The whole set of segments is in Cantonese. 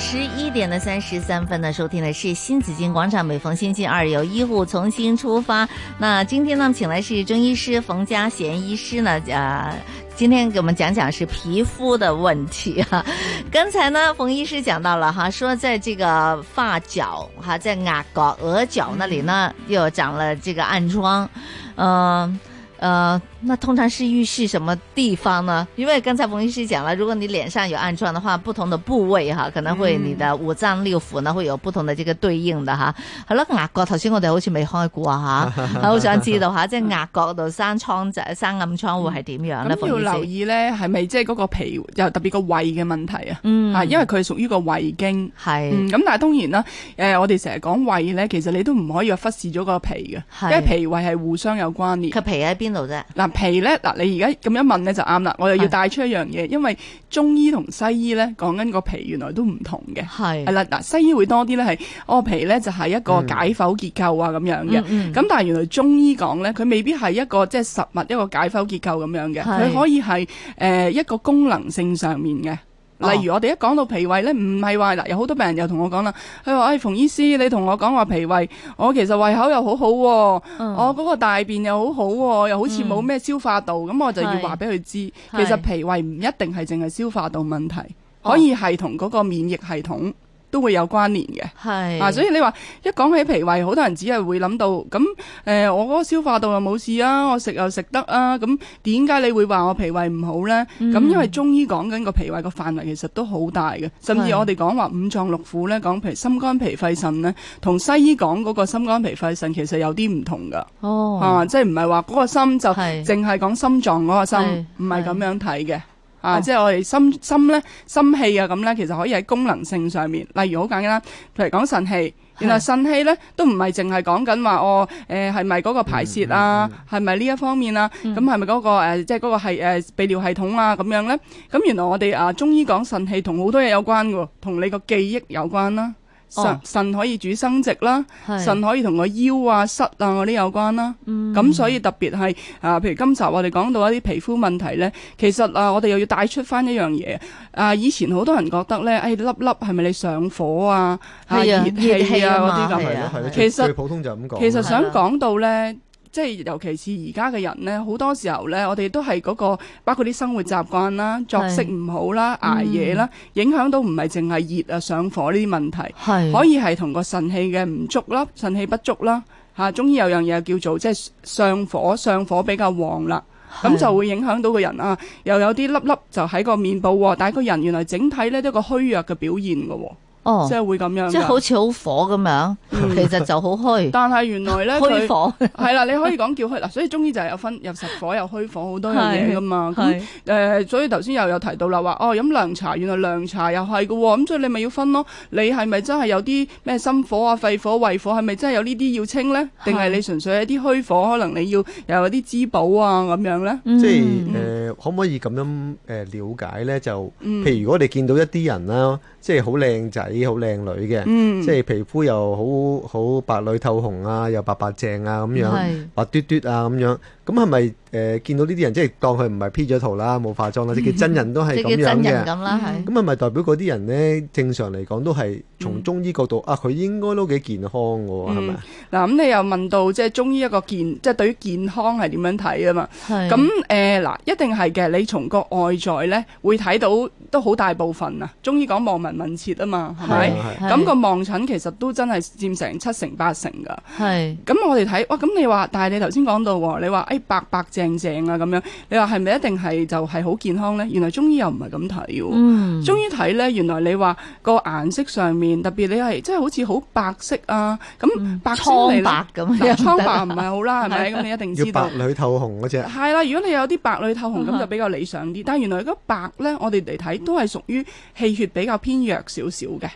十一點的三十三分呢，收聽的是新紫荊廣場，每逢星期二由醫護重新出發。那今天呢，請來是中醫師馮家賢醫師呢，呃，今天給我們講講是皮膚的問題哈。剛才呢，馮醫師講到了哈，說在這個髮角哈，在牙膏額角那裏呢，又長了這個暗瘡，嗯、呃，嗯、呃。那通常是預示什麼地方呢？因為剛才馮醫師講啦，如果你臉上有暗瘡的話，不同的部位哈，可能會你的五臟六腑呢會有不同的一個對應啦，吓係咯。額角頭先我哋好似未開過啊，吓好 想知道吓，即係額角度生瘡就生暗瘡會係點樣咧？咁、嗯、要留意咧，係咪即係嗰個脾又特別個胃嘅問題啊？嗯、因為佢係屬於個胃經，係對，咁、嗯、但係當然啦，誒、呃，我哋成日講胃咧，其實你都唔可以忽視咗個脾嘅，對對因為脾胃係互相有關聯。個脾喺邊度啫？ 皮咧嗱，你而家咁一問咧就啱啦，我又要帶出一樣嘢，是因為中醫同西醫咧講緊個皮原來都唔同嘅。係是，係啦嗱，西醫會多啲咧係，個皮咧就係一個解剖結構啊咁樣嘅。咁、嗯、但係原來中醫講咧，佢未必係一個即係實物一個解剖結構咁樣嘅，佢是可以係誒、呃、一個功能性上面嘅。例如我哋一講到脾胃咧，唔係話嗱，有好多病人又同我講啦，佢話：哎，馮醫師，你同我講話脾胃，我其實胃口又好好，啊，嗯、我嗰個大便又好好，啊，又好似冇咩消化道，咁、嗯、我就要話俾佢知，是其實脾胃唔一定係淨係消化道問題，是可以係同嗰個免疫系統，都會有關聯嘅，是啊，所以你話一講起脾胃，好多人只係會諗到咁，誒、呃，我嗰個消化道又冇事啊，我食又食得啊，咁點解你會話我脾胃唔好咧？咁、嗯、因為中醫講緊個脾胃個範圍其實都好大嘅，是甚至我哋講話五臟六腑咧，講譬如心肝脾肺腎咧，同西醫講嗰個心肝脾肺腎其實有啲唔同噶，嚇嘛、哦啊，即係唔係話嗰個心就淨係講心臟嗰個心，唔係咁樣睇嘅。啊，Oh. 即係我哋心，心咧，心氣啊咁咧，其實可以喺功能性上面，例如好簡單，譬如講腎氣，Yeah. 原來腎氣咧都唔係淨係講緊話哦，誒係咪嗰個排泄啊，係咪呢一方面啊，咁係咪嗰個誒、呃、即係嗰個係誒泌尿系統啊咁樣咧？咁原來我哋啊中醫講腎氣同好多嘢有關噶，同你個記憶有關啦。腎可以主生殖啦，腎是可以同個腰啊、膝啊嗰啲有關啦。咁、嗯、所以特別係啊，譬如今集我哋講到一啲皮膚問題咧，其實啊，我哋又要帶出翻一樣嘢。啊，以前好多人覺得咧，哎，粒粒係咪你上火啊？係啊，熱氣啊嗰啲咁嘅。其實最普通就咁講。其實想講到咧。即係尤其是而家嘅人呢，好多時候呢，我哋都係嗰、嗰個包括啲生活習慣啦、作息唔好啦、是捱夜啦，影響到唔係淨係熱啊上火呢啲問題，是可以係同個腎氣嘅唔足啦、腎氣不足啦、啊、嚇。中醫、啊啊、有樣嘢叫做即係上火，上火比較旺啦，咁是就會影響到個人啊，又有啲粒粒就喺個面部喎、啊，但係個人原來整體呢都係個虛弱嘅表現嘅喎、啊。哦，即係會咁樣，即係好似好火咁樣，其實就好虛。但係原來咧，虛火係啦，你可以講叫虛嗱，所以中醫就係有分，又實火，又虛火，好多樣嘢噶嘛。咁誒，所以頭先又有提到啦，話哦，飲涼茶，原來涼茶又係噶，咁所以你咪要分咯。你係咪真係有啲咩心火啊、肺火、胃火，係咪真係有呢啲要清咧？定係你純粹係啲虛火，可能你要又有啲滋補啊咁樣咧？即係誒，可唔可以咁樣誒了解咧？就譬如如果你見到一啲人啦，即係好靚仔。你好靚女嘅，嗯、即係皮膚又好好白裏透紅啊，又白白淨啊咁樣，是白嘟嘟啊咁樣。咁係咪誒見到呢啲人即係當佢唔係 P 咗圖啦，冇化妝啦，即係真人都係咁樣嘅。即叫真人咁啦，係。咁係咪代表嗰啲人呢，正常嚟講都係從中醫角度啊，佢應該都幾健康嘅喎，係咪？嗱，咁你又問到即係中醫一個健，即係對於健康係點樣睇啊嘛？係。咁誒嗱，一定係嘅。你從個外在呢，會睇到都好大部分啊。中醫講望聞問切啊嘛，係咪？係係係。咁個望診其實都真係佔成七成八成㗎。係。咁我哋睇哇，咁你話，但係你頭先講到喎，你話誒。白白淨淨啊咁樣，你話係咪一定係就係好健康咧？原來中醫又唔係咁睇，中醫睇咧，原來你話個顏色上面，特別你係即係好似好白色啊，咁白酸白咁啊，蒼白唔係好啦，係咪？咁你一定知道白裏透紅嗰隻係啦。如果你有啲白裏透紅咁就比較理想啲，但係原來個白咧，我哋嚟睇都係屬於氣血比較偏弱少少嘅，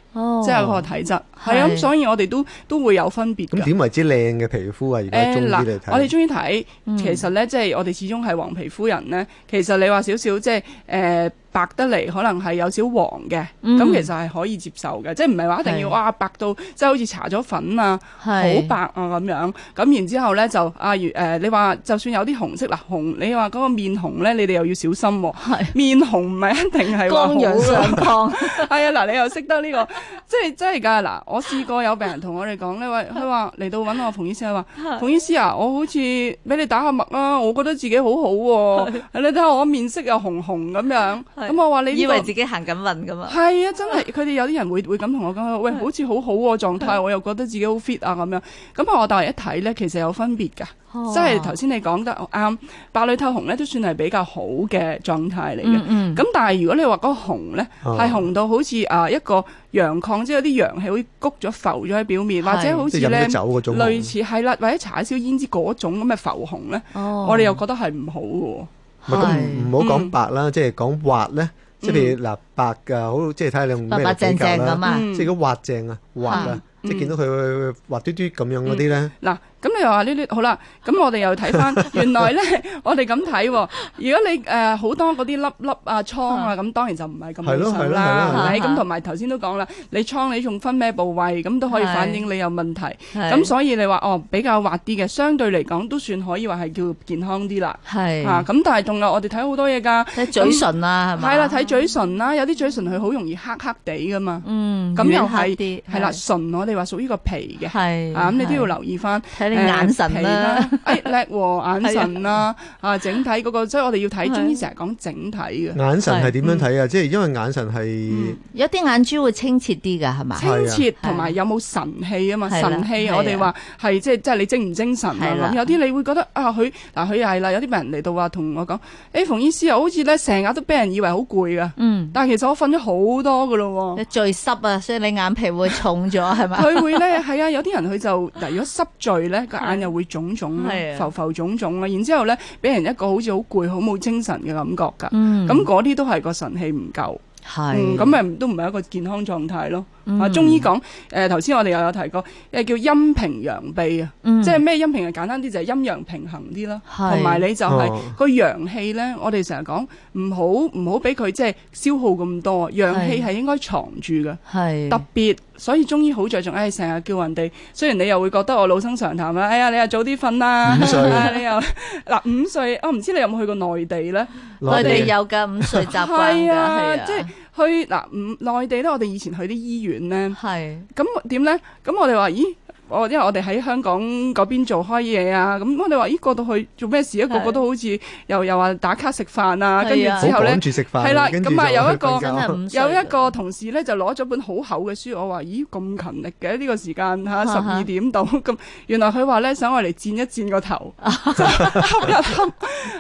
即係個體質係啊。咁所以我哋都都會有分別。咁點爲之靚嘅皮膚啊？而家中醫嚟睇，我哋中醫睇。其實咧，即係我哋始終係黃皮膚人咧。其實你話少少，即係誒。呃白得嚟可能係有少黃嘅，咁其實係可以接受嘅，即係唔係話一定要哇白到即係好似搽咗粉啊好白啊咁樣，咁然之後咧就啊如誒你話就算有啲紅色嗱紅你話嗰個面紅咧，你哋又要小心喎，面紅唔係一定係肝陽上亢，係啊嗱你又識得呢個，即係真係㗎嗱，我試過有病人同我哋講呢，喂，佢話嚟到揾我馮醫師，佢話馮醫師啊，我好似俾你打下脈啊，我覺得自己好好喎，你睇下我面色又紅紅咁樣。咁我話你、這個、以為自己行緊運噶嘛？係啊，真係佢哋有啲人會會咁同我講，喂，好似好好喎狀態，狀態啊、我又覺得自己好 fit 啊咁樣。咁啊，我帶嚟一睇咧，其實有分別噶，即係頭先你講得啱，白、嗯、裏透紅咧都算係比較好嘅狀態嚟嘅。咁、嗯嗯、但係如果你話嗰個紅咧，係、啊、紅到好似啊一個陽亢，即係有啲陽氣會谷咗浮咗喺表面，是或者好似咧類似係啦，或者搽燒胭脂嗰種咁嘅浮紅咧，哦、我哋又覺得係唔好嘅。唔唔好講白啦，即係講滑咧，即係嗱白噶，好，即係睇下你用咩嚟比較，即係如果滑正滑啊，滑啊，即係見到佢會滑嘟嘟咁樣嗰啲咧。嗱、嗯。嗯嗯咁你又話呢啲好啦，咁我哋又睇翻，原來咧我哋咁睇，如果你誒好多嗰啲粒粒啊、瘡啊，咁當然就唔係咁好啦。係咪？咁，同埋頭先都講啦，你瘡你仲分咩部位，咁都可以反映你有問題。咁所以你話哦，比較滑啲嘅，相對嚟講都算可以話係叫健康啲啦。係啊，咁但係仲有我哋睇好多嘢㗎，嘴唇啊，係嘛？係啦，睇嘴唇啦，有啲嘴唇佢好容易黑黑地㗎嘛。嗯，咁又係係啦，唇我哋話屬於個皮嘅。係啊，咁你都要留意翻。眼神啦，哎叻喎！眼神啦，啊整體嗰個，所以我哋要睇中醫成日講整體嘅。眼神係點樣睇啊？即係因為眼神係有啲眼珠會清澈啲噶，係嘛？清澈同埋有冇神氣啊？嘛，神氣我哋話係即係即係你精唔精神啊？有啲你會覺得啊，佢嗱佢又係啦，有啲病人嚟到話同我講，哎馮醫師啊，好似咧成日都俾人以為好攰噶，嗯，但係其實我瞓咗好多噶咯，你聚濕啊，所以你眼皮會重咗係咪？佢會咧，係啊，有啲人佢就嗱如果濕聚咧。個眼又會腫腫啦，嗯、浮浮腫腫啦，的然之後咧，俾人一個好似好攰、好冇精神嘅感覺噶。咁嗰啲都係個神氣唔夠，咁咪都唔係一個健康狀態咯。啊！中醫講，誒，頭先我哋又有提過，誒，叫陰平陽秘啊，即係咩陰平？誒，簡單啲就係陰陽平衡啲咯，同埋你就係個陽氣咧。我哋成日講唔好唔好俾佢即係消耗咁多，陽氣係應該藏住噶，特別所以中醫好着重誒，成日叫人哋。雖然你又會覺得我老生常談啦，哎呀，你又早啲瞓啦，啊，你又嗱午睡，我唔知你有冇去過內地咧，內地有噶午睡習慣噶，即係。去嗱，嗯，內地咧，我哋以前去啲醫院咧，係，咁點咧？咁、嗯嗯、我哋話，咦？我因為我哋喺香港嗰邊做開嘢啊，咁我哋話咦過到去做咩事咧？個個都好似又又話打卡食飯啊，跟住之後咧，係啦，咁啊有一個有一個同事咧就攞咗本好厚嘅書，我話咦咁勤力嘅？呢個時間嚇十二點到咁，原來佢話咧想我嚟枕一枕個頭，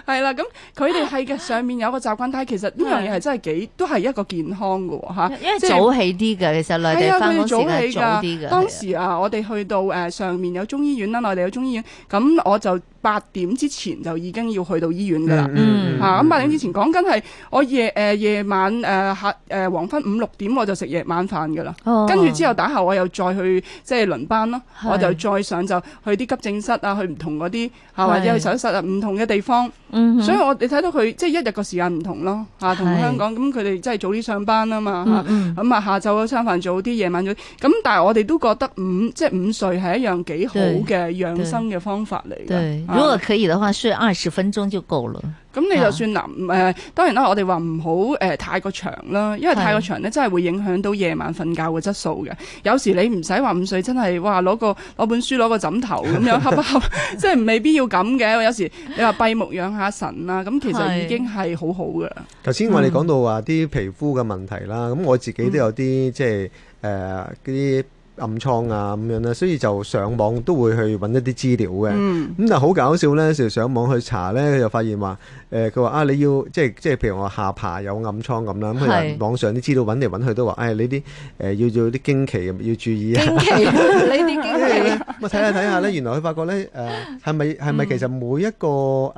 係啦，咁佢哋係嘅上面有個習慣，但其實呢樣嘢係真係幾都係一個健康嘅喎嚇，因為早起啲嘅其實內地翻工時間早起嘅，當時啊我哋去到。到誒上面有中醫院啦，內地有中醫院，咁我就。八點之前就已經要去到醫院㗎啦，嚇咁八點之前講緊係我夜誒、呃、夜晚誒、呃、下誒、呃、黃昏五六點我就食夜晚飯㗎啦，跟住、哦、之後打後我又再去即係輪班咯，是我就再上就去啲急症室啊，去唔同嗰啲嚇或者去手術室啊，唔同嘅地方，是所以我哋睇到佢即係一日個時間唔同咯，嚇、啊、同香港咁佢哋即係早啲上班啊嘛嚇，咁啊下晝嗰餐飯早啲，夜晚早啲，咁但係我哋都覺得午即係午睡係一樣幾好嘅養生嘅方法嚟㗎。如果可以的話，睡二十分鐘就夠了。咁你就算嗱，誒、啊呃，當然啦，我哋話唔好誒太過長啦，因為太過長呢是真係會影響到夜晚瞓覺嘅質素嘅。有時你唔使話午睡，真係哇，攞個攞本書，攞個枕頭咁樣， 合不合？即係未必要咁嘅。有時你話閉目養下神啦，咁其實已經係好好噶啦。頭先是我哋講到話啲皮膚嘅問題啦，咁、嗯、我自己都有啲即係誒啲。呃暗瘡啊咁樣啦，所以就上網都會去揾一啲資料嘅。咁但係好搞笑咧，就上網去查咧，就發現話誒，佢話啊，你要即係即係譬如我下巴有暗瘡咁啦。咁佢話網上啲資料揾嚟揾去都話，誒你啲誒要要啲經期要注意啊。經期，你啲經期咧？我睇下睇下咧，原來佢發覺咧誒係咪係咪其實每一個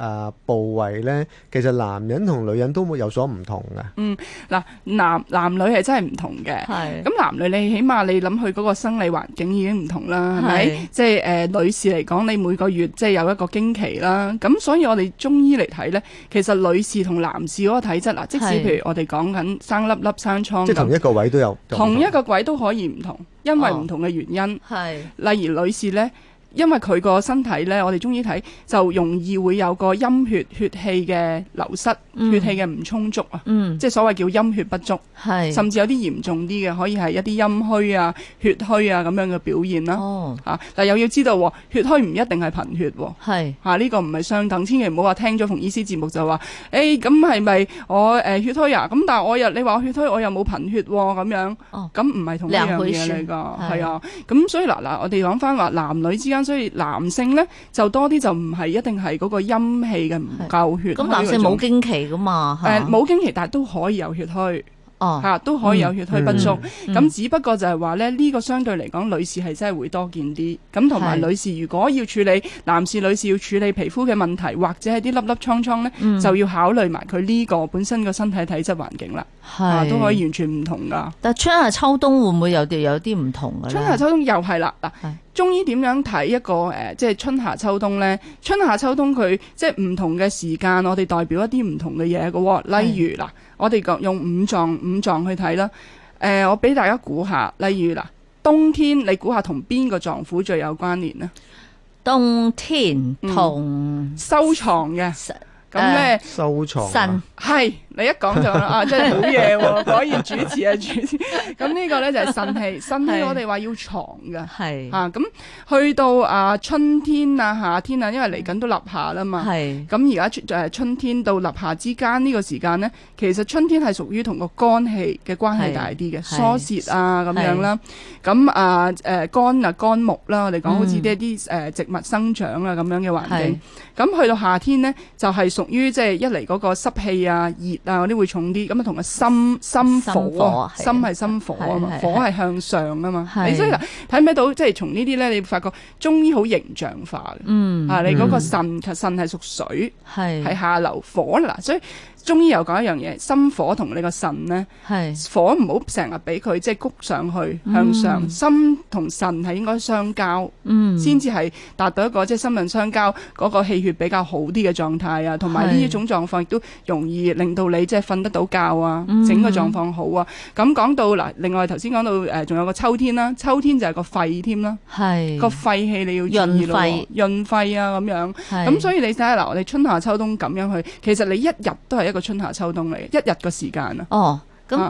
誒部位咧，其實男人同女人都會有所唔同嘅。嗯，嗱男男女係真係唔同嘅。咁男女你起碼你諗佢嗰個。生理環境已經唔同啦，係咪是？即係誒、呃，女士嚟講，你每個月即係有一個經期啦。咁所以我哋中醫嚟睇呢，其實女士同男士嗰個體質啊，即使譬如我哋講緊生粒粒生瘡，是即同一個位都有，同一個位都可以唔同，同同哦、因為唔同嘅原因。係是，例如女士呢，因為佢個身體咧，我哋中醫睇就容易會有個陰血血氣嘅流失，血氣嘅唔充足啊，即係所謂叫陰血不足，甚至有啲嚴重啲嘅，可以係一啲陰虛啊、血虛啊咁樣嘅表現啦。啊，但又要知道，血虛唔一定係貧血。係吓呢個唔係相等，千祈唔好話聽咗馮醫師節目就話，誒咁係咪我誒血虛啊？咁但係我又你話我血虛，我又冇貧血咁樣，咁唔係同一樣嘢嚟噶，係啊。咁所以嗱嗱，我哋講翻話男女之間。所以男性咧就多啲就唔係一定係嗰個陰氣嘅唔夠血，咁男性冇經期噶嘛？誒、呃，冇經期，但係、啊、都可以有血虛，吓都可以有血虛不足。咁、嗯嗯、只不過就係話咧呢個相對嚟講，女士係真係會多見啲。咁同埋女士如果要處理，男士女士要處理皮膚嘅問題或者係啲粒粒瘡瘡咧，嗯、就要考慮埋佢呢個本身個身體體質環境啦，係是、啊、都可以完全唔同噶。但春夏秋冬會唔會有啲有啲唔同噶？春夏秋冬又係啦嗱。中醫點樣睇一個誒、呃，即係春夏秋冬呢？春夏秋冬佢即係唔同嘅時間，我哋代表一啲唔同嘅嘢嘅喎。例如嗱是，我哋講用五臟五臟去睇啦。誒、呃，我俾大家估下，例如嗱，冬天你估下同邊個臟腑最有關聯呢？冬天、嗯、同收藏嘅。咁咧、呃、收藏、啊。神你一講就啊，真係好嘢喎！果然主持啊，主持，咁呢個咧就係腎氣，腎氣我哋話要藏嘅，係咁去到啊春天啊夏天啊，因為嚟緊都立夏啦嘛，咁而家春就係春天到立夏之間呢個時間咧，其實春天係屬於同個肝氣嘅關係大啲嘅疏泄啊咁樣啦，咁啊誒肝啊肝木啦，我哋講好似啲一啲誒植物生長啊咁樣嘅環境，咁去到夏天咧就係屬於即係一嚟嗰個濕氣啊熱。但我啲會重啲，咁啊同個心心火啊，心係心火啊嘛，火係向上啊嘛，你所以睇唔睇到，即係的的從呢啲咧，你發覺中醫好形象化嘅，嗯、啊，你嗰個腎嘅、嗯、腎係屬水，係下流火啦，所以。中醫又講一樣嘢，心火同你個腎咧，火唔好成日俾佢即係谷上去向上，心同腎係應該相交，先至係達到一個即係心腎相交嗰個氣血比較好啲嘅狀態啊，同埋呢一種狀況亦都容易令到你即係瞓得到覺啊，整個狀況好啊。咁講到嗱，另外頭先講到誒，仲有個秋天啦，秋天就係個肺添啦，個肺氣你要潤肺，潤肺啊咁樣，咁所以你睇下嗱，我哋春夏秋冬咁樣去，其實你一日都係一一個春夏秋冬嚟，一日嘅時間、哦、啊。哦，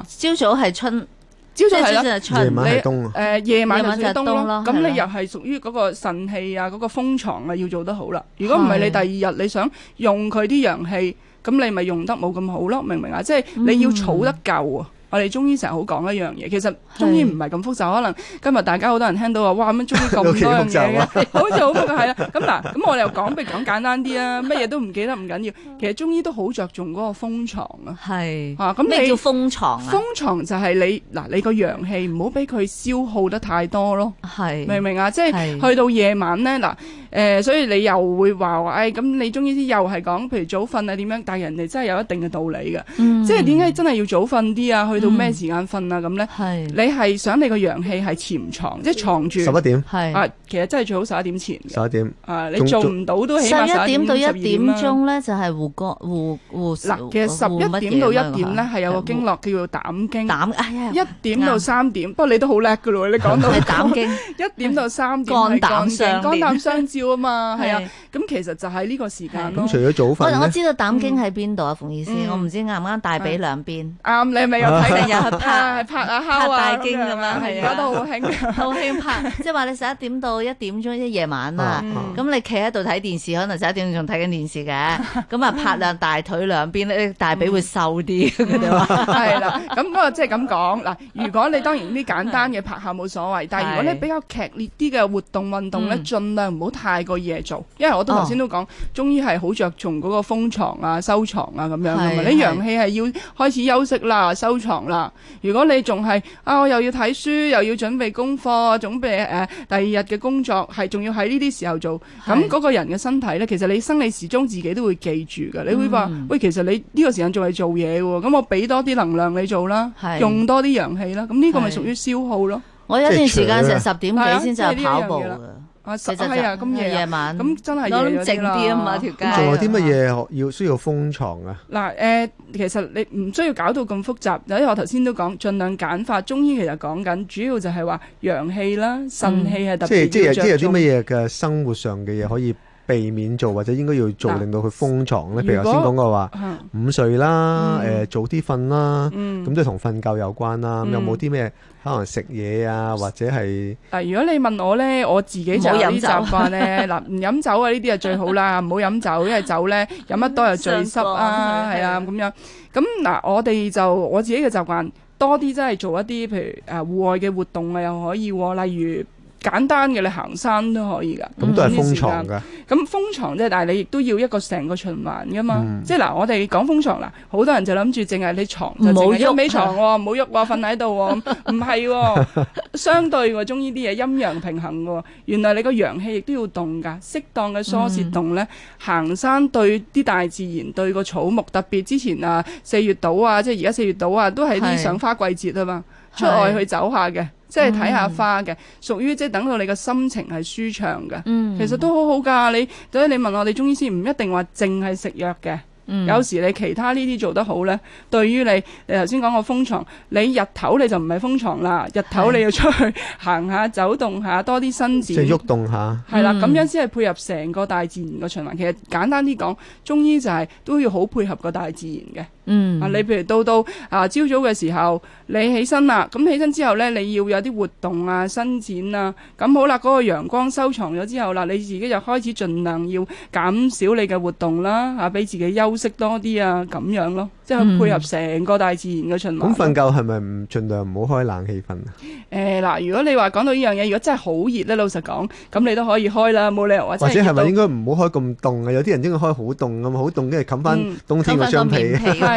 咁朝早係春，朝早係春，夜晚係冬咯。誒，夜晚係冬咯。嗯、咁你又係屬於嗰個腎氣啊，嗰個封藏啊，要做得好啦。係嘅。如果唔係，你第二日你想用佢啲陽氣，咁你咪用得冇咁好咯。明唔明啊？即係你要儲得夠啊。我哋中醫成日好講一樣嘢，其實中醫唔係咁複雜，是可能今日大家好多人聽到話，哇乜中醫咁多樣嘢嘅， 好似好複雜係啦。咁嗱， 咁我哋又講，不如講簡單啲啊，乜嘢都唔記得唔緊要。其實中醫都好着重嗰個封藏是啊，係啊，咁你封藏，封藏就係你嗱，你個陽氣唔好俾佢消耗得太多咯，是明唔明啊？即係是去到夜晚咧嗱。誒，所以你又會話話，誒咁你中醫啲又係講，譬如早瞓啊點樣，但係人哋真係有一定嘅道理嘅，即係點解真係要早瞓啲啊？去到咩時間瞓啊？咁咧，你係想你個陽氣係潛藏，即係藏住十一點，啊，其實真係最好十一點前。十一點啊，你做唔到都起碼十一點到一點鐘咧，就係胡國胡胡嗱，其實十一點到一點咧係有個經絡叫做膽經，一點到三點。不過你都好叻噶咯，你講到係膽經，一點到三點肝膽肝膽相照。啊嘛，係啊，咁其實就喺呢個時間，咁除咗早瞓。我知道膽經喺邊度啊，馮醫師。我唔知啱啱大髀兩邊啱，你係咪又睇定視睇電視又拍拍啊？拍大經咁啊，係啊，嗰度好興，好興拍。即係話你十一點到一點鐘即夜晚啊。咁你企喺度睇電視，可能十一點仲睇緊電視嘅，咁啊拍兩大腿兩邊咧，大髀會瘦啲。係啦，咁嗰個即係咁講嗱。如果你當然啲簡單嘅拍下冇所謂，但係如果你比較劇烈啲嘅活動運動咧，儘量唔好太。太過嘢做，因為我都頭先都講中醫係好着重嗰個封藏啊、收藏啊咁樣噶嘛是。你陽氣係要開始休息啦、收藏啦。如果你仲係啊，我又要睇書，又要準備功課，準備誒、啊、第二日嘅工作，係仲要喺呢啲時候做，咁嗰是 個人嘅身體咧，其實你生理時鐘自己都會記住噶。你會話、嗯、喂，其實你呢個時間仲係做嘢噶，咁我俾多啲能量你做啦，是 用多啲陽氣啦，咁呢個咪屬於消耗咯。是 我有段時間成十點幾先就跑步噶。啊，十啊、就是，今、哎、夜夜晚，咁真係要靜啲啊嘛，條街仲有啲乜嘢要需要封藏啊？嗱、啊，誒、呃，其實你唔需要搞到咁複雜，有啲我頭先都講，盡量簡化。中醫其實講緊，主要就係話陽氣啦、腎氣係特別、嗯。即係即係即係有啲乜嘢嘅生活上嘅嘢可以。避免做或者應該要做令到佢封藏咧，譬如頭先講過話午睡啦，誒早啲瞓啦，咁都同瞓覺有關啦。咁有冇啲咩可能食嘢啊，或者係？嗱，如果你問我咧，我自己就有啲習慣咧，嗱唔飲酒啊呢啲係最好啦，唔好飲酒，因為酒咧飲得多又醉濕啊，係啊咁樣。咁嗱，我哋就我自己嘅習慣，多啲真係做一啲譬如誒戶外嘅活動啊又可以，例如。簡單嘅你行山都可以噶，咁都係封藏嘅。咁封藏啫，但係你亦都要一個成個循環噶嘛。即係嗱，我哋講封藏嗱，好多人就諗住淨係你藏就淨係喐咪藏喎，唔好喐喎，瞓喺度喎。唔係，相對我中醫啲嘢陰陽平衡嘅。原來你個陽氣亦都要動噶，適當嘅疏泄動咧，行山對啲大自然對個草木，特別之前啊四月島啊，即係而家四月島啊，都係啲賞花季節啊嘛，出外去走下嘅。即係睇下花嘅，嗯、屬於即係等到你嘅心情係舒暢嘅，嗯、其實都好好㗎。你，所以你問我哋中醫師唔一定話淨係食藥嘅，嗯、有時你其他呢啲做得好咧，對於你，你頭先講個風床，你日頭你就唔係風床啦，日頭你要出去行下走動下，多啲身子，即係喐動下。係啦，咁樣先係配合成個大自然嘅循環。嗯、其實簡單啲講，中醫就係都要好配合個大自然嘅。嗯，啊，你譬如到到啊，朝早嘅時候你起身啦，咁起身之後咧，你要有啲活動啊、伸展啊，咁好啦，嗰個陽光收藏咗之後啦，你自己就開始盡量要減少你嘅活動啦，吓俾自己休息多啲啊，咁樣咯，即係配合成個大自然嘅循環。咁瞓覺係咪唔盡量唔好開冷氣瞓啊？誒，嗱，如果你話講到呢樣嘢，如果真係好熱咧，老實講，咁你都可以開啦，冇理由話真係。或者係咪應該唔好開咁凍啊？有啲人應該開好凍噶嘛，好凍跟住冚翻冬天嘅張被。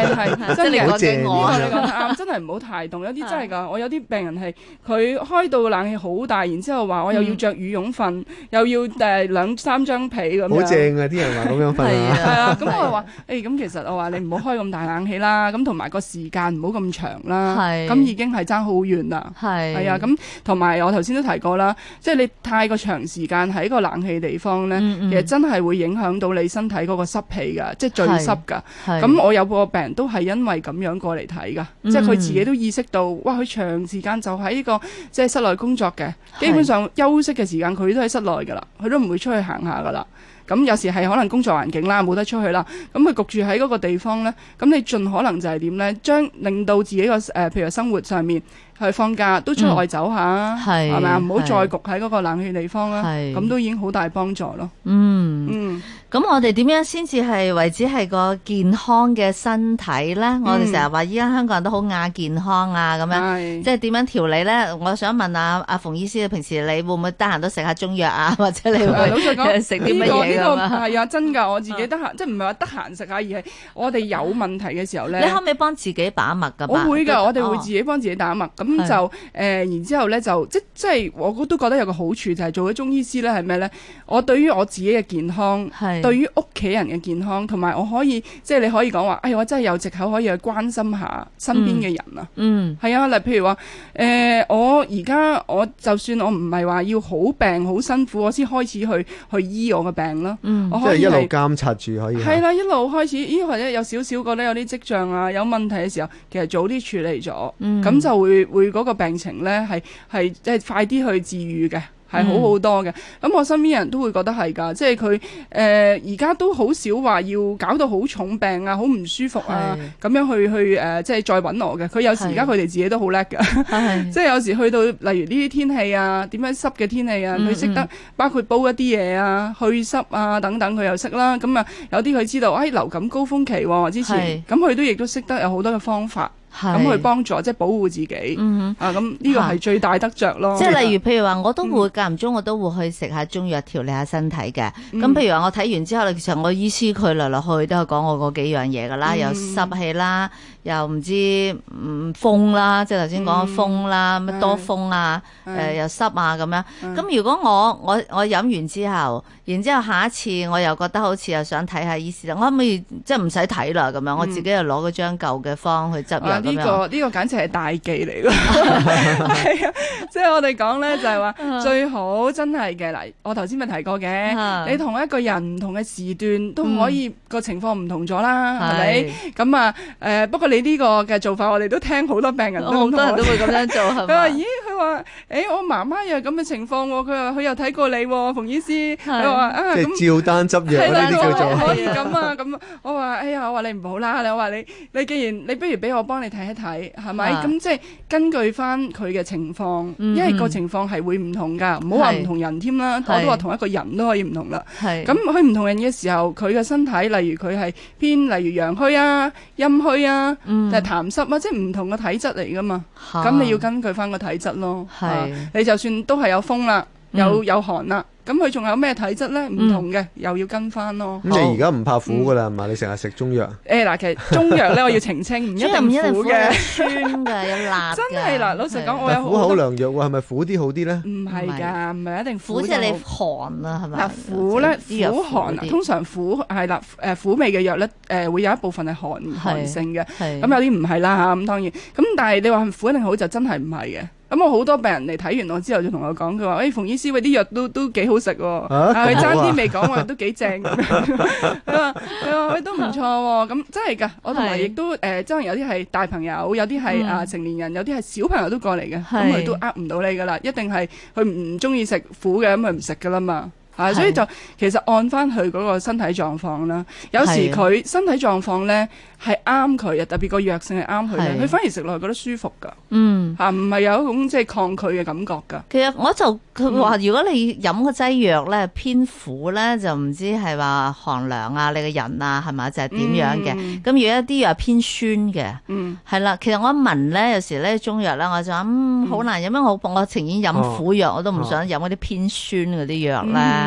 係真係正，呢個你講啱，真係唔好太凍。有啲真係噶，我有啲病人係佢開到冷氣好大，然之後話我又要着羽絨瞓，又要誒兩三張被咁好正啊！啲人話咁樣瞓，係啊。咁我話誒，咁、欸、其實我話你唔好開咁大冷氣啦，咁同埋個時間唔好咁長啦。咁已經係爭好遠啦。係。係啊，咁同埋我頭先都提過啦，即係你太過長時間喺個冷氣地方咧，嗯嗯其實真係會影響到你身體嗰個濕氣噶，即、就、係、是、最濕噶。咁我有個病。都係因為咁樣過嚟睇噶，即係佢自己都意識到，哇！佢長時間就喺呢個即係室內工作嘅，基本上休息嘅時間佢都喺室內噶啦，佢都唔會出去行下噶啦。咁有時係可能工作環境啦，冇得出去啦。咁佢焗住喺嗰個地方呢，咁你盡可能就係點呢？將令到自己個誒，譬如生活上面去放假都出外走下，係咪啊？唔好再焗喺嗰個冷氣嘅地方啦。咁都已經好大幫助咯。嗯。咁我哋點樣先至係維持係個健康嘅身體咧？我哋成日話依家香港人都好亞健康啊，咁樣即係點樣調理咧？我想問下阿馮醫師，平時你會唔會得閒都食下中藥啊，或者你會食啲乜嘢咁啊？係啊，真噶，我自己得閒，即唔係話得閒食下，而係我哋有問題嘅時候咧。你可唔可以幫自己把脈噶？我會噶，我哋會自己幫自己把脈。咁就誒，然之後咧就即即係我都覺得有個好處就係做咗中醫師咧，係咩咧？我對於我自己嘅健康係。對於屋企人嘅健康，同埋我可以即係你可以講話，哎我真係有藉口可以去關心下身邊嘅人啊、嗯！嗯，係啊，例如話誒、呃，我而家我就算我唔係話要好病好辛苦，我先開始去去醫我嘅病啦。嗯、我可以即係一路監察住可以。係啦，一路開始醫，或者有少少覺得有啲跡象啊，有問題嘅時候，其實早啲處理咗，咁、嗯、就會會嗰個病情咧係係即係快啲去治癒嘅。係好好多嘅，咁我身邊人都會覺得係㗎，即係佢誒而家都好少話要搞到好重病啊、好唔舒服啊咁是樣去去誒、呃，即係再揾我嘅。佢有時而家佢哋自己都好叻嘅，是 即係有時去到例如呢啲天氣啊、點樣濕嘅天氣啊，佢識、嗯嗯、得包括煲一啲嘢啊、去濕啊等等，佢又識啦。咁啊有啲佢知道，哎流感高峰期喎之前，咁佢都亦都識得有好多嘅方法。咁去幫助即係、就是、保護自己，嗯、哼啊咁呢個係最大得着咯。即係例如譬如話，我都會間唔中，我都會去食下中藥調理下身體嘅。咁譬如話我睇完之後，其實我醫師佢嚟嚟去去都係講我嗰幾樣嘢噶啦，有濕氣啦。嗯又唔知唔風啦，即係頭先講風啦，乜多風啊？誒又濕啊咁樣。咁如果我我我飲完之後，然之後下一次我又覺得好似又想睇下醫師啦，我可唔可以即係唔使睇啦咁樣？我自己又攞嗰張舊嘅方去執藥呢個呢個簡直係大忌嚟㗎。即係我哋講呢，就係話最好真係嘅嗱，我頭先咪提過嘅，你同一個人唔同嘅時段都可以個情況唔同咗啦，係咪？咁啊誒不過。你呢個嘅做法，我哋都聽好多病人，好多人都會咁樣做。佢話咦，佢話誒，我媽媽又係咁嘅情況。佢話佢又睇過你，馮醫師。佢話啊，即係照單執藥嗰啲叫做。可以咁啊，咁啊，我話哎呀，我話你唔好啦。我話你，你既然你不如俾我幫你睇一睇，係咪？咁即係根據翻佢嘅情況，因為個情況係會唔同噶，唔好話唔同人添啦。我都話同一個人都可以唔同啦。係咁，佢唔同人嘅時候，佢嘅身體，例如佢係偏，例如陽虛啊、陰虛啊。就係痰濕啊，即係唔同嘅體質嚟噶嘛，咁你要根據翻個體質咯。係是、uh, 你就算都係有風啦、嗯，有有寒啦。咁佢仲有咩體質咧？唔同嘅又要跟翻咯。咁你而家唔怕苦噶啦，係嘛？你成日食中藥。誒嗱，其實中藥咧，我要澄清，唔一定苦嘅，酸嘅，有辣。真係嗱，老實講，我有苦口良藥喎，係咪苦啲好啲咧？唔係㗎，唔係一定苦就你寒啊，係咪？苦咧苦寒，通常苦係啦，誒苦味嘅藥咧誒會有一部分係寒寒性嘅，咁有啲唔係啦嚇，咁當然。咁但係你話苦一定好就真係唔係嘅。咁、嗯、我好多病人嚟睇完我之後就我，就同我講，佢話：誒，馮醫師，喂，啲藥都都幾好食，但佢爭啲未講，話都幾正，係嘛？係啊，都唔 說 錯喎。咁真係噶，我同埋亦都誒，即、呃、係有啲係大朋友，有啲係啊成年人，有啲係小朋友都過嚟嘅，咁佢都呃唔到你噶啦，一定係佢唔中意食苦嘅，咁佢唔食噶啦嘛。啊，所以就是其實按翻佢嗰個身體狀況啦，有時佢身體狀況咧係啱佢，特別個藥性係啱佢嘅。佢是反而食落去覺得舒服噶，嚇唔係有一種即係抗拒嘅感覺㗎。其實我就佢話，如果你飲個劑藥咧偏苦咧，就唔知係話寒涼啊，你嘅人啊係咪？就係、是、點樣嘅？咁、嗯、如果一啲藥偏酸嘅，係、嗯、啦，其實我一聞咧有時咧中藥咧，我就嗯好難飲，因為我情願飲苦藥，我都唔想飲嗰啲偏酸嗰啲藥咧。嗯嗯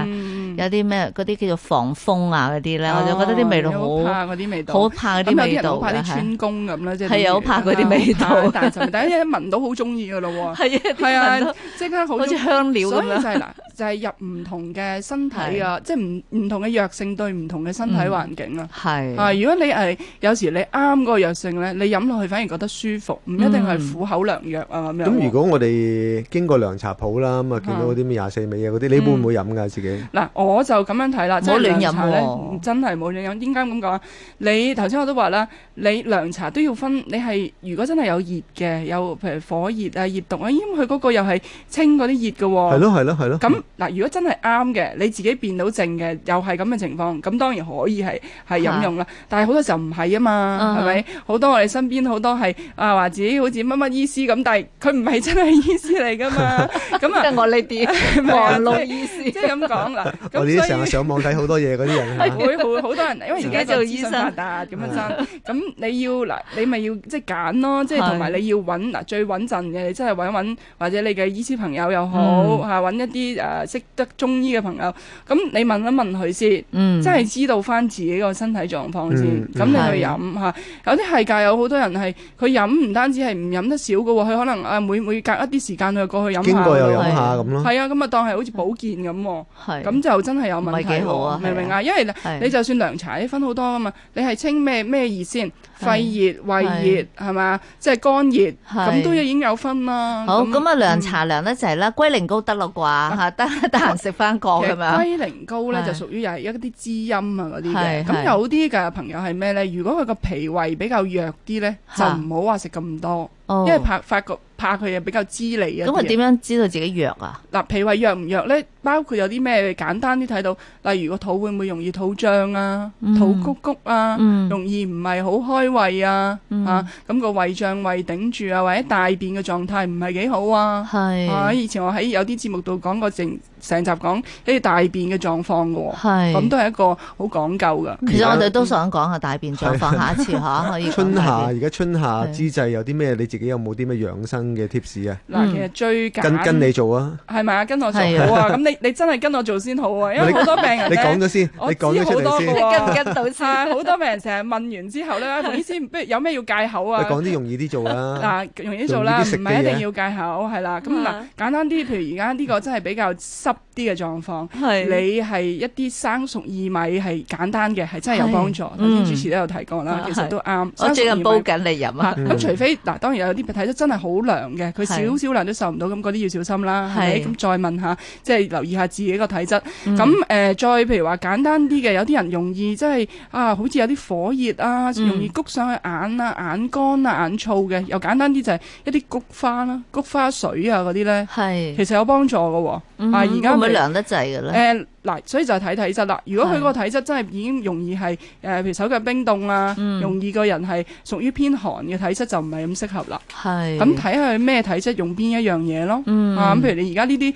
有啲咩嗰啲叫做防風啊嗰啲咧，我就覺得啲味道好怕嗰啲味道，好怕嗰啲味道。好怕啲穿工咁啦，即係係啊，好怕嗰啲味道，但係但係一聞到好中意噶咯喎，係啊，即刻好似香料咁啦。就係入唔同嘅身體啊，即係唔唔同嘅藥性對唔同嘅身體環境啊。係啊，如果你係有時你啱嗰個藥性咧，你飲落去反而覺得舒服，唔一定係苦口良藥啊咁樣。咁如果我哋經過涼茶鋪啦，咁啊見到嗰啲咩廿四味啊嗰啲，你會唔會飲噶自己？嗱，我就咁樣睇啦，真係冇亂飲咧，真係冇亂飲。點解咁講？你頭先我都話啦，你涼茶都要分，你係如果真係有熱嘅，有譬如火熱啊、熱毒啊，因為佢嗰個又係清嗰啲熱嘅喎。係咯係咯係咯。咁嗱，如果真係啱嘅，你自己變到正嘅，又係咁嘅情況，咁當然可以係係飲用啦。但係好多時候唔係啊嘛，係咪？好多我哋身邊好多係啊，話自己好似乜乜醫師咁，但係佢唔係真係醫師嚟噶嘛？咁啊，我呢啲忙碌嘅醫師，即係咁講啦。我啲成日上網睇好多嘢嗰啲人。會會好多人，因為而家就醫生發達咁啊生。咁你要嗱，你咪要即係揀咯，即係同埋你要揾嗱最穩陣嘅，你真係揾一揾，或者你嘅醫師朋友又好吓，揾一啲誒識得中醫嘅朋友，咁你問一問佢先，真係知道翻自己個身體狀況先，咁你去飲嚇。有啲係教，有好多人係佢飲唔單止係唔飲得少嘅喎，佢可能誒每每隔一啲時間去過去飲下，又飲下咁咯。係啊，咁啊當係好似保健咁，咁就真係有問題，明唔明啊？因為你就算涼茶都分好多嘅嘛，你係清咩咩熱先？肺熱、胃熱係嘛？即係肝熱，咁都已經有分啦。好，咁啊涼茶涼得滯啦，龜苓膏得啦啩。得閒食翻個咁樣，龜苓膏咧是就屬於又係一啲滋陰啊嗰啲嘅。咁是有啲嘅朋友係咩咧？如果佢個脾胃比較弱啲咧，就唔好話食咁多。因為怕發覺、哦、怕佢又比較滋膩啊，咁佢點樣知道自己弱啊？嗱，脾胃弱唔弱咧，包括有啲咩簡單啲睇到，例如個肚會唔會容易肚脹啊，嗯、肚谷谷啊，嗯、容易唔係好開胃啊，吓咁個胃脹胃頂住啊，或者大便嘅狀態唔係幾好啊，係、嗯啊，以前我喺有啲節目度講過症。成集講呢啲大便嘅狀況嘅喎，咁都係一個好講究㗎。其實我哋都想講下大便狀況，下一次嚇可以。春夏而家春夏之際有啲咩？你自己有冇啲咩養生嘅貼士啊？嗱，其實最簡跟你做啊，係咪啊？跟我做好啊！咁你你真係跟我做先好啊，因為好多病人咧，我知好多㗎，跟唔跟到曬？好多病人成日問完之後咧，同醫師不如有咩要戒口啊？講啲容易啲做啦，嗱，容易做啦，唔係一定要戒口係啦。咁嗱，簡單啲，譬如而家呢個真係比較濕。啲嘅狀況，你係一啲生熟薏米係簡單嘅，係真係有幫助。頭先主持都有提過啦，其實都啱。生熟薏米煲嚟飲吓，咁除非嗱，當然有啲體質真係好涼嘅，佢少少涼都受唔到，咁嗰啲要小心啦。係咁再問下，即係留意下自己個體質。咁誒，再譬如話簡單啲嘅，有啲人容易即係啊，好似有啲火熱啊，容易谷上去眼啊、眼乾啊、眼燥嘅，又簡單啲就係一啲菊花啦、菊花水啊嗰啲咧，係其實有幫助嘅喎，啊咁佢涼得滯嘅咧？誒嗱、呃，所以就睇體質啦。如果佢個體質真係已經容易係誒，譬、呃、如手腳冰凍啦、啊，嗯、容易個人係屬於偏寒嘅體質，就唔係咁適合啦。係咁睇下佢咩體質，用邊一樣嘢咯？啊咁，譬如你而家呢啲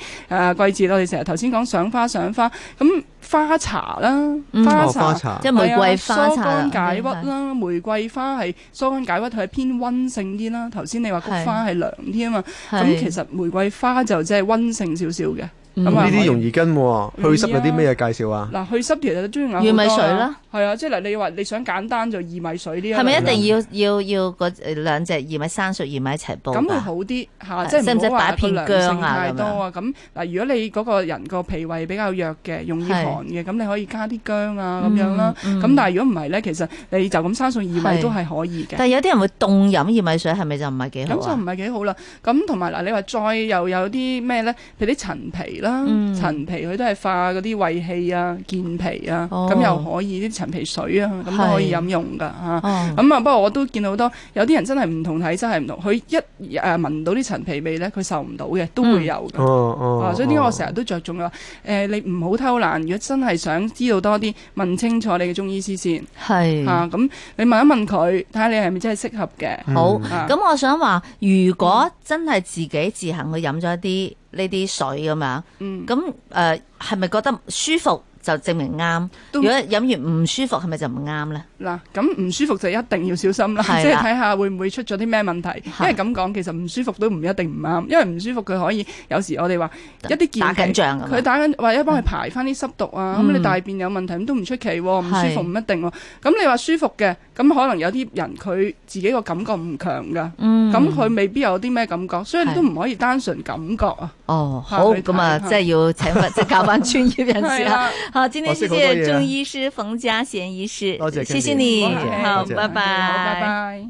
誒季節我哋成日頭先講賞花，賞花咁花茶啦，花茶即係玫瑰花疏肝、啊、解鬱啦。嗯、玫瑰花係疏肝解鬱，佢係偏温性啲啦。頭先你話菊花係涼啲啊嘛，咁是、嗯、其實玫瑰花就即係温性少少嘅。咁呢啲容易跟㗎，祛濕有啲咩嘢介紹啊？嗱，祛濕其實中意飲薏米水啦，係啊，即係嗱，你話你想簡單就薏米水呢？係咪一定要要要嗰兩隻薏米生熟薏米一齊煲？咁會好啲嚇，即係唔使擺片薑涼性太多啊。咁嗱，如果你嗰個人個脾胃比較弱嘅，容易寒嘅，咁你可以加啲薑啊咁樣啦。咁但係如果唔係咧，其實你就咁生熟薏米都係可以嘅。但係有啲人會凍飲薏米水，係咪就唔係幾好啊？咁就唔係幾好啦。咁同埋嗱，你話再又有啲咩咧？譬如啲陳皮啊！陳皮佢都係化嗰啲胃氣啊、健脾啊，咁又可以啲陳皮水啊，咁都可以飲用噶嚇。咁啊，不過我都見到好多有啲人真係唔同體質係唔同，佢一誒聞到啲陳皮味咧，佢受唔到嘅都會有。哦哦，所以點解我成日都着重話誒，你唔好偷懶。如果真係想知道多啲，問清楚你嘅中醫師先。係嚇，咁，你問一問佢，睇下你係咪真係適合嘅。好咁，我想話，如果真係自己自行去飲咗一啲。呢啲水咁樣，咁誒係咪覺得舒服就證明啱？對 如果飲完唔舒服是是，係咪就唔啱咧？嗱，咁唔舒服就一定要小心啦，即係睇下會唔會出咗啲咩問題。因為咁講，其實唔舒服都唔一定唔啱，因為唔舒服佢可以有時我哋話一啲健，打緊佢打緊或者幫佢排翻啲濕毒啊。咁你大便有問題，咁都唔出奇喎。唔舒服唔一定喎。咁你話舒服嘅，咁可能有啲人佢自己個感覺唔強噶，咁佢未必有啲咩感覺，所以都唔可以單純感覺啊。哦，好，咁啊，即係要請，即係教返專業人士啦。好，今天謝謝中醫師馮佳賢醫師，多謝。謝謝你，好，拜拜，拜拜。